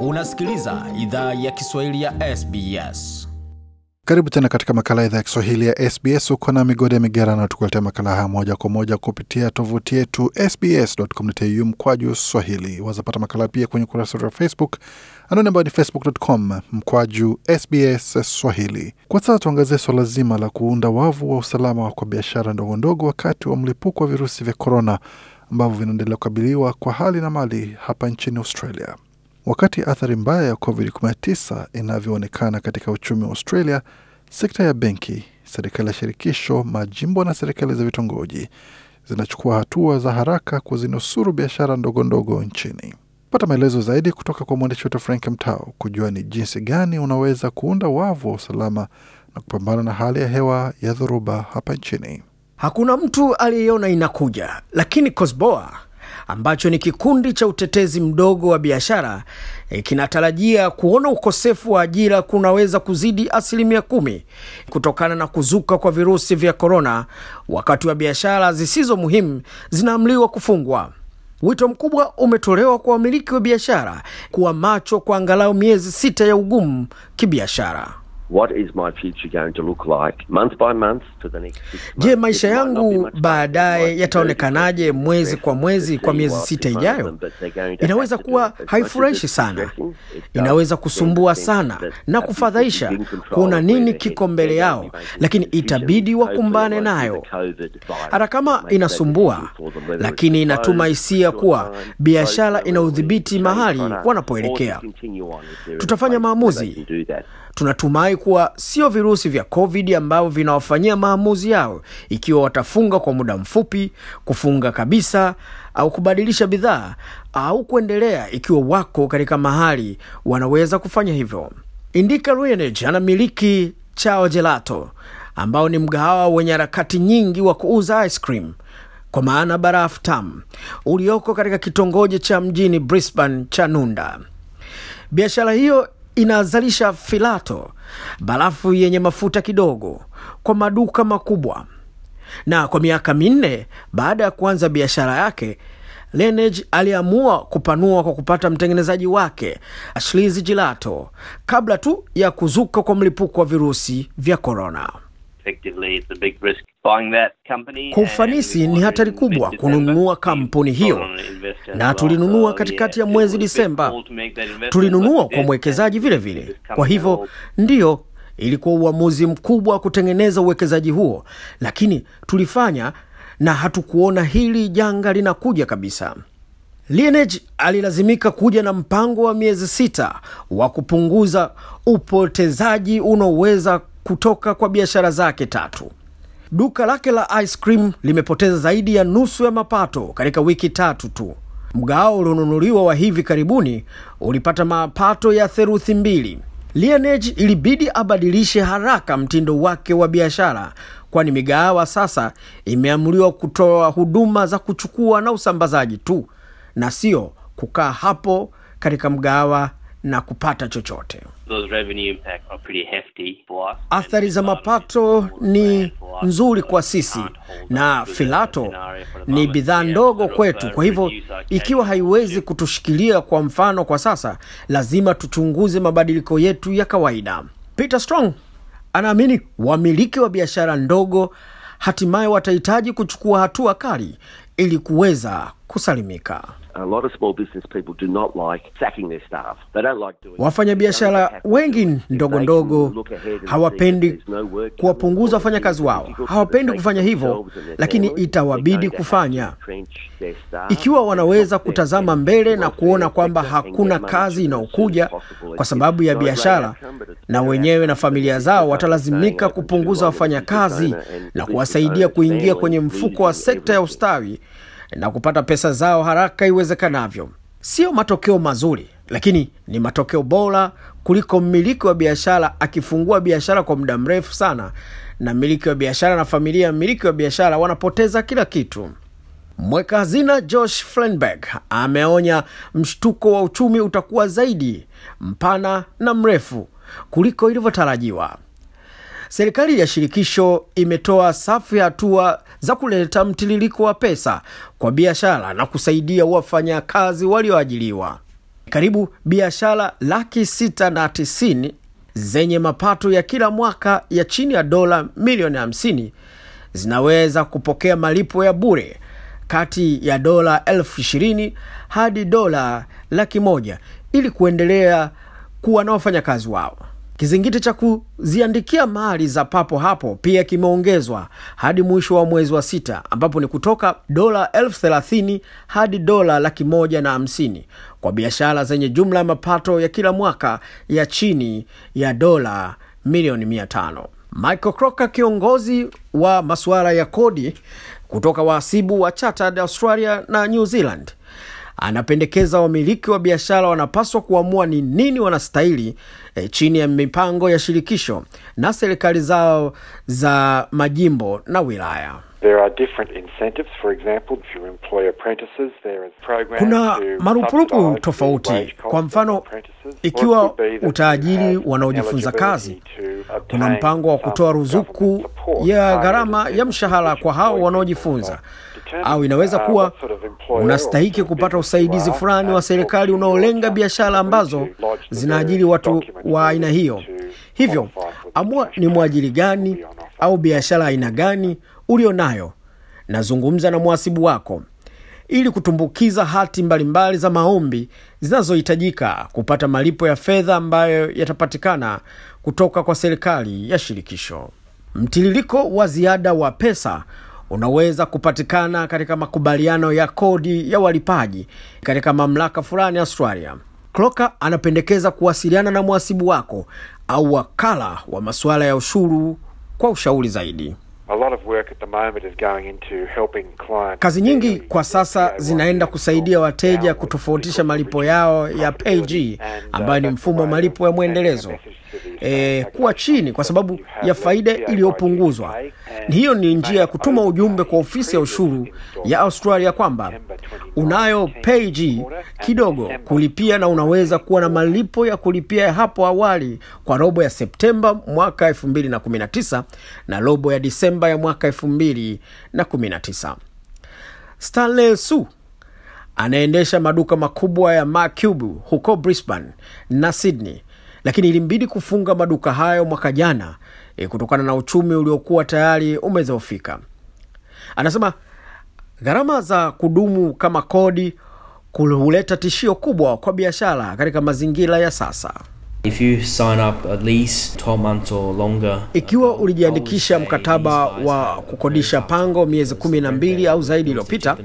Unasikiliza idhaa ya Kiswahili ya SBS. Karibu tena katika makala idhaa ya Kiswahili ya SBS. Uko na migode ya migerano, tukuletea makala haya moja kwa moja kupitia tovuti yetu sbs.com.au mkwaju swahili. Wazapata makala pia kwenye ukurasa wetu wa Facebook, anwani ambayo ni facebook.com mkwaju sbs swahili. Kwa sasa tuangazie suala zima la kuunda wavu wa usalama kwa biashara ndogo ndogo wakati wa mlipuko wa virusi vya korona ambavyo vinaendelea kukabiliwa kwa hali na mali hapa nchini Australia. Wakati athari mbaya ya COVID-19 inavyoonekana katika uchumi wa Australia, sekta ya benki, serikali ya shirikisho, majimbo na serikali za vitongoji zinachukua hatua za haraka kuzinusuru biashara ndogo ndogo nchini. Pata maelezo zaidi kutoka kwa mwandishi wetu Frank Mtao kujua ni jinsi gani unaweza kuunda wavu wa usalama na kupambana na hali ya hewa ya dhoruba hapa nchini. Hakuna mtu aliyeona inakuja, lakini Cosboa ambacho ni kikundi cha utetezi mdogo wa biashara e, kinatarajia kuona ukosefu wa ajira kunaweza kuzidi asilimia kumi kutokana na kuzuka kwa virusi vya korona, wakati wa biashara zisizo muhimu zinaamliwa kufungwa. Wito mkubwa umetolewa kwa wamiliki wa biashara kuwa macho kwa angalau miezi sita ya ugumu kibiashara. What is my future going to look like month by month to the next Je, maisha yangu baadaye yataonekanaje mwezi kwa mwezi kwa miezi sita ijayo? Inaweza kuwa haifurahishi sana, inaweza kusumbua sana na kufadhaisha kuona nini kiko mbele yao, lakini itabidi wakumbane nayo, hata kama inasumbua, lakini inatuma hisia kuwa biashara ina udhibiti mahali wanapoelekea. Tutafanya maamuzi Tunatumai kuwa sio virusi vya COVID ambavyo vinawafanyia maamuzi yao, ikiwa watafunga kwa muda mfupi, kufunga kabisa, au kubadilisha bidhaa au kuendelea, ikiwa wako katika mahali wanaweza kufanya hivyo. Indika Ruenage anamiliki Chao Gelato ambao ni mgahawa wenye harakati nyingi wa kuuza ice cream kwa maana barafu tam ulioko katika kitongoji cha mjini brisban cha Nunda. Biashara hiyo inazalisha filato, barafu yenye mafuta kidogo kwa maduka makubwa. Na kwa miaka minne baada ya kuanza biashara yake, Laneige aliamua kupanua kwa kupata mtengenezaji wake Ashlizi Gelato kabla tu ya kuzuka kwa mlipuko wa virusi vya korona. Kwa ufanisi ni hatari kubwa kununua kampuni hiyo, na tulinunua uh, katikati ya mwezi Disemba. Tulinunua kwa mwekezaji vile vile, kwa hivyo ndiyo ilikuwa uamuzi mkubwa wa kutengeneza uwekezaji huo, lakini tulifanya na hatukuona hili janga linakuja kabisa. Lineage alilazimika kuja na mpango wa miezi sita wa kupunguza upotezaji unaoweza kutoka kwa biashara zake tatu. Duka lake la ice cream limepoteza zaidi ya nusu ya mapato katika wiki tatu tu. Mgao ulionunuliwa wa hivi karibuni ulipata mapato ya theruthi mbili. lianej ilibidi abadilishe haraka mtindo wake wa biashara, kwani migahawa sasa imeamriwa kutoa huduma za kuchukua na usambazaji tu na sio kukaa hapo katika mgahawa na kupata chochote. Athari za mapato ni nzuri kwa sisi, na filato ni bidhaa ndogo kwetu. Kwa hivyo, ikiwa haiwezi kutushikilia, kwa mfano, kwa sasa, lazima tuchunguze mabadiliko yetu ya kawaida. Peter Strong anaamini wamiliki wa biashara ndogo hatimaye watahitaji kuchukua hatua kali ili kuweza kusalimika. Wafanyabiashara wengi ndogo ndogo hawapendi kuwapunguza wafanyakazi wao, hawapendi kufanya hivyo, lakini itawabidi kufanya ikiwa wanaweza kutazama mbele na kuona kwamba hakuna kazi inayokuja kwa sababu ya biashara, na wenyewe na familia zao watalazimika kupunguza wafanyakazi na kuwasaidia kuingia kwenye mfuko wa sekta ya ustawi na kupata pesa zao haraka iwezekanavyo. Sio matokeo mazuri, lakini ni matokeo bora kuliko mmiliki wa biashara akifungua biashara kwa muda mrefu sana, na mmiliki wa biashara na familia ya mmiliki wa biashara wanapoteza kila kitu. Mweka hazina Josh Frenberg ameonya mshtuko wa uchumi utakuwa zaidi mpana na mrefu kuliko ilivyotarajiwa. Serikali ya shirikisho imetoa safu ya hatua za kuleta mtiririko wa pesa kwa biashara na kusaidia wafanyakazi walioajiliwa. Karibu biashara laki sita na tisini zenye mapato ya kila mwaka ya chini ya dola milioni 50 zinaweza kupokea malipo ya bure kati ya dola elfu ishirini hadi dola laki moja ili kuendelea kuwa na wafanyakazi wao. Kizingiti cha kuziandikia mali za papo hapo pia kimeongezwa hadi mwisho wa mwezi wa sita, ambapo ni kutoka dola elfu thelathini hadi dola laki moja na hamsini kwa biashara zenye jumla ya mapato ya kila mwaka ya chini ya dola milioni mia tano. Michael Crocker, kiongozi wa masuala ya kodi kutoka wahasibu wa Chartered Australia na New Zealand Anapendekeza wamiliki wa biashara wanapaswa kuamua ni nini wanastahili e, chini ya mipango ya shirikisho na serikali zao za majimbo na wilaya. There are different incentives. For example, if you employ apprentices, there is Kuna marupurupu tofauti. Kwa mfano, ikiwa utaajiri wanaojifunza kazi, kuna mpango wa kutoa ruzuku ya gharama ya mshahara kwa hao wanaojifunza au inaweza uh, kuwa unastahiki kupata usaidizi fulani wa serikali unaolenga biashara ambazo zinaajiri watu wa aina hiyo. Hivyo amua ni mwajiri gani au biashara aina gani ulio nayo, nazungumza na mwasibu wako ili kutumbukiza hati mbalimbali za maombi zinazohitajika kupata malipo ya fedha ambayo yatapatikana kutoka kwa serikali ya shirikisho. Mtiririko wa ziada wa pesa unaweza kupatikana katika makubaliano ya kodi ya walipaji katika mamlaka fulani Australia. Kroka anapendekeza kuwasiliana na mhasibu wako au wakala wa masuala ya ushuru kwa ushauri zaidi. Kazi nyingi kwa sasa zinaenda kusaidia wateja kutofautisha malipo yao ya PayG uh, ambayo ni mfumo wa malipo ya mwendelezo e, kuwa chini kwa sababu ya faida iliyopunguzwa. Hiyo ni njia ya kutuma ujumbe kwa ofisi ya ushuru ya Australia kwamba unayo pg kidogo kulipia na unaweza kuwa na malipo ya kulipia ya hapo awali kwa robo ya Septemba mwaka 2019 na robo ya Disemba ya mwaka 2019. Stanley Su anaendesha maduka makubwa ya Macube huko Brisbane na Sydney lakini ilimbidi kufunga maduka hayo mwaka jana e, kutokana na uchumi uliokuwa tayari umezofika Anasema gharama za kudumu kama kodi huleta tishio kubwa kwa biashara katika mazingira ya sasa. If you sign up at least 12 months or longer, ikiwa uh, ulijiandikisha mkataba wa kukodisha pango miezi kumi na mbili au zaidi iliyopita,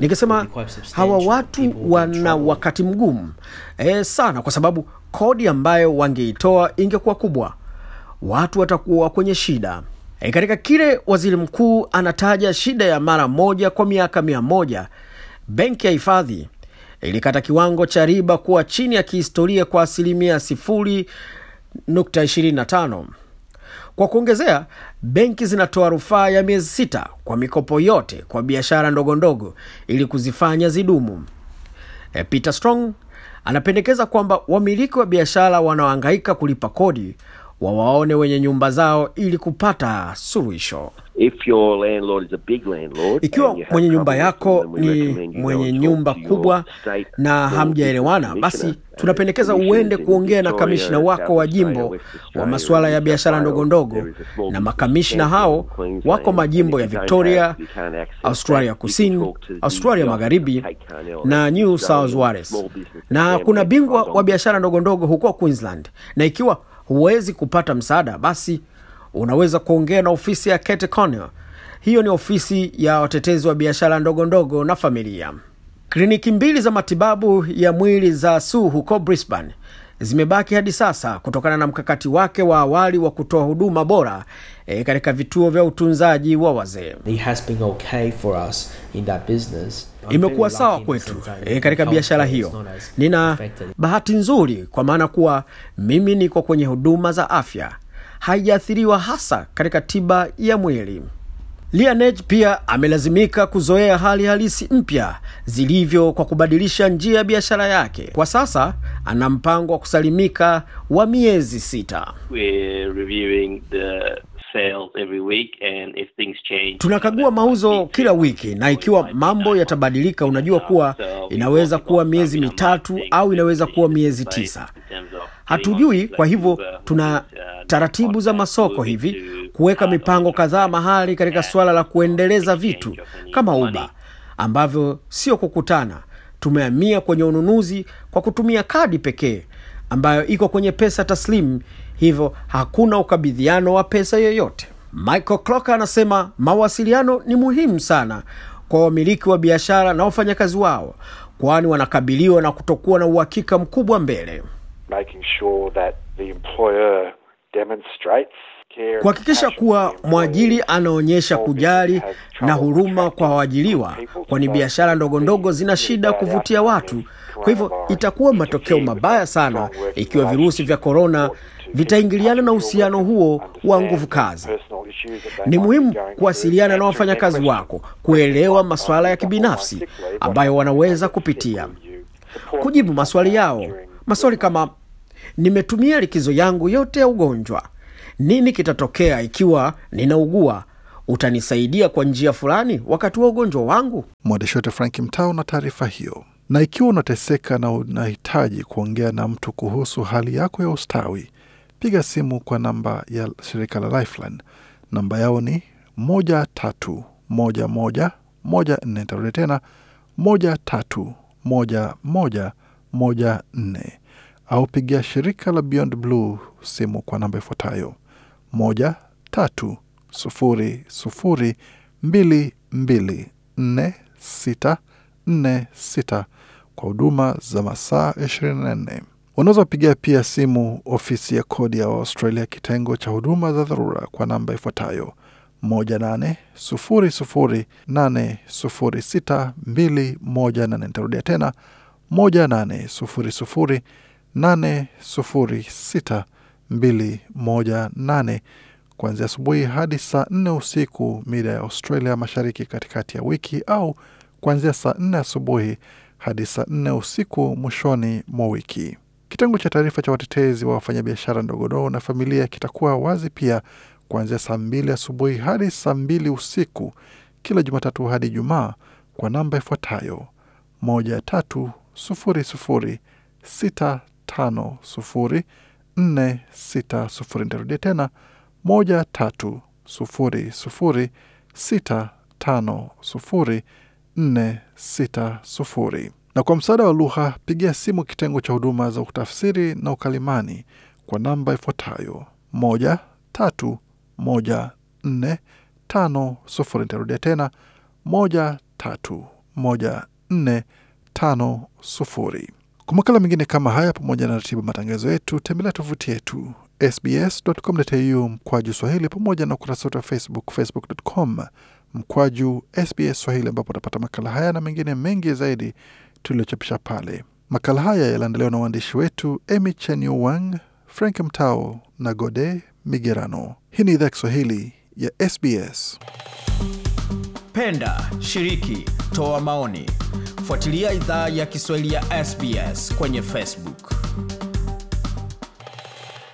nikisema hawa watu wana wakati mgumu e, sana kwa sababu kodi ambayo wangeitoa ingekuwa kubwa, watu watakuwa kwenye shida. E, katika kile waziri mkuu anataja shida ya mara moja kwa miaka mia moja, benki ya hifadhi ilikata kiwango cha riba kuwa chini ya kihistoria kwa asilimia 25 Kwa kuongezea, benki zinatoa rufaa ya miezi sita kwa mikopo yote kwa biashara ndogondogo ili kuzifanya zidumu. Eh, Peter Strong anapendekeza kwamba wamiliki wa biashara wanaohangaika kulipa kodi wawaone wenye nyumba zao ili kupata suluhisho. ikiwa mwenye nyumba yako ni mwenye nyumba kubwa na hamjaelewana, basi tunapendekeza uende kuongea na kamishna wako wa jimbo wa masuala ya biashara ndogo ndogo, na makamishna hao wako majimbo ya Victoria, Australia Kusini, Australia Magharibi na New South Wales, na kuna bingwa wa biashara ndogo ndogo huko Queensland, na ikiwa huwezi kupata msaada, basi unaweza kuongea na ofisi ya Kate conel Hiyo ni ofisi ya watetezi wa biashara ndogo ndogo na familia. Kliniki mbili za matibabu ya mwili za Sue huko Brisbane zimebaki hadi sasa kutokana na mkakati wake wa awali wa kutoa huduma bora e, katika vituo vya utunzaji wa wazee imekuwa sawa kwetu e, katika biashara hiyo. Nina bahati nzuri kwa maana kuwa mimi niko kwenye huduma za afya, haijaathiriwa hasa katika tiba ya mwili. Lianej pia amelazimika kuzoea hali halisi mpya zilivyo kwa kubadilisha njia ya biashara yake. Kwa sasa ana mpango wa kusalimika wa miezi sita. We're reviewing the Tunakagua mauzo kila wiki, na ikiwa mambo yatabadilika, unajua uh, kuwa inaweza kuwa miezi mitatu au inaweza kuwa miezi tisa, hatujui. Kwa hivyo tuna uh, taratibu za masoko hivi, kuweka mipango kadhaa mahali katika suala la kuendeleza vitu kama Uber ambavyo sio kukutana. Tumehamia kwenye ununuzi kwa kutumia kadi pekee ambayo iko kwenye pesa taslimu hivyo hakuna ukabidhiano wa pesa yoyote. Michael Clocker anasema mawasiliano ni muhimu sana kwa wamiliki wa biashara na wafanyakazi wao, kwani wanakabiliwa na kutokuwa na uhakika mkubwa mbele. Kuhakikisha kuwa mwajili anaonyesha kujali na huruma kwa waajiliwa kwani biashara ndogo ndogo zina shida kuvutia watu. Kwa hivyo itakuwa matokeo mabaya sana ikiwa virusi vya korona vitaingiliana na uhusiano huo wa nguvu kazi. Ni muhimu kuwasiliana na wafanyakazi wako, kuelewa masuala ya kibinafsi ambayo wanaweza kupitia, kujibu maswali yao, maswali kama nimetumia likizo yangu yote ya ugonjwa, nini kitatokea ikiwa ninaugua? Utanisaidia kwa njia fulani wakati wa ugonjwa wangu? Mwandishi wetu Frank Mtao na taarifa hiyo. Na ikiwa unateseka na unahitaji kuongea na mtu kuhusu hali yako ya ustawi piga simu kwa namba ya shirika la Lifeline. Namba yao ni 131114. Tarudia tena 131114, au pigia shirika la Beyond Blue simu kwa namba ifuatayo 13002244646 kwa huduma za masaa 24. Unaweza pigia pia simu ofisi ya kodi ya Australia kitengo cha huduma za dharura kwa namba ifuatayo 1800806218. Nitarudia tena 1800806218 kuanzia asubuhi hadi saa 4 usiku mida ya Australia Mashariki katikati ya wiki au kuanzia saa 4 asubuhi hadi saa 4 usiku mwishoni mwa wiki. Kitengo cha taarifa cha watetezi wa wafanyabiashara ndogondogo na familia kitakuwa wazi pia kuanzia saa mbili asubuhi hadi saa mbili usiku kila Jumatatu hadi Ijumaa kwa namba ifuatayo moja tatu sufuri sufuri sita tano sufuri nne sita sufuri. Nitarudia tena moja tatu sufuri sufuri sita tano sufuri nne sita sufuri. Na kwa msaada wa lugha, pigia simu kitengo cha huduma za utafsiri na ukalimani kwa namba ifuatayo moja, tatu, tena moja, Kwa makala mengine kama haya pamoja na ratiba matangazo yetu tembelea tovuti yetu sbs.com.au mkwaju swahili pamoja na ukurasa wetu wa Facebook facebook.com mkwaju sbs swahili ambapo utapata makala haya na mengine mengi zaidi tuliochapisha pale. Makala haya yaliandaliwa na waandishi wetu Emy Chenyuwang, Frank Mtao na Gode Migerano. Hii ni idhaa Kiswahili ya SBS. Penda, shiriki, toa maoni, fuatilia idhaa ya Kiswahili ya SBS kwenye Facebook.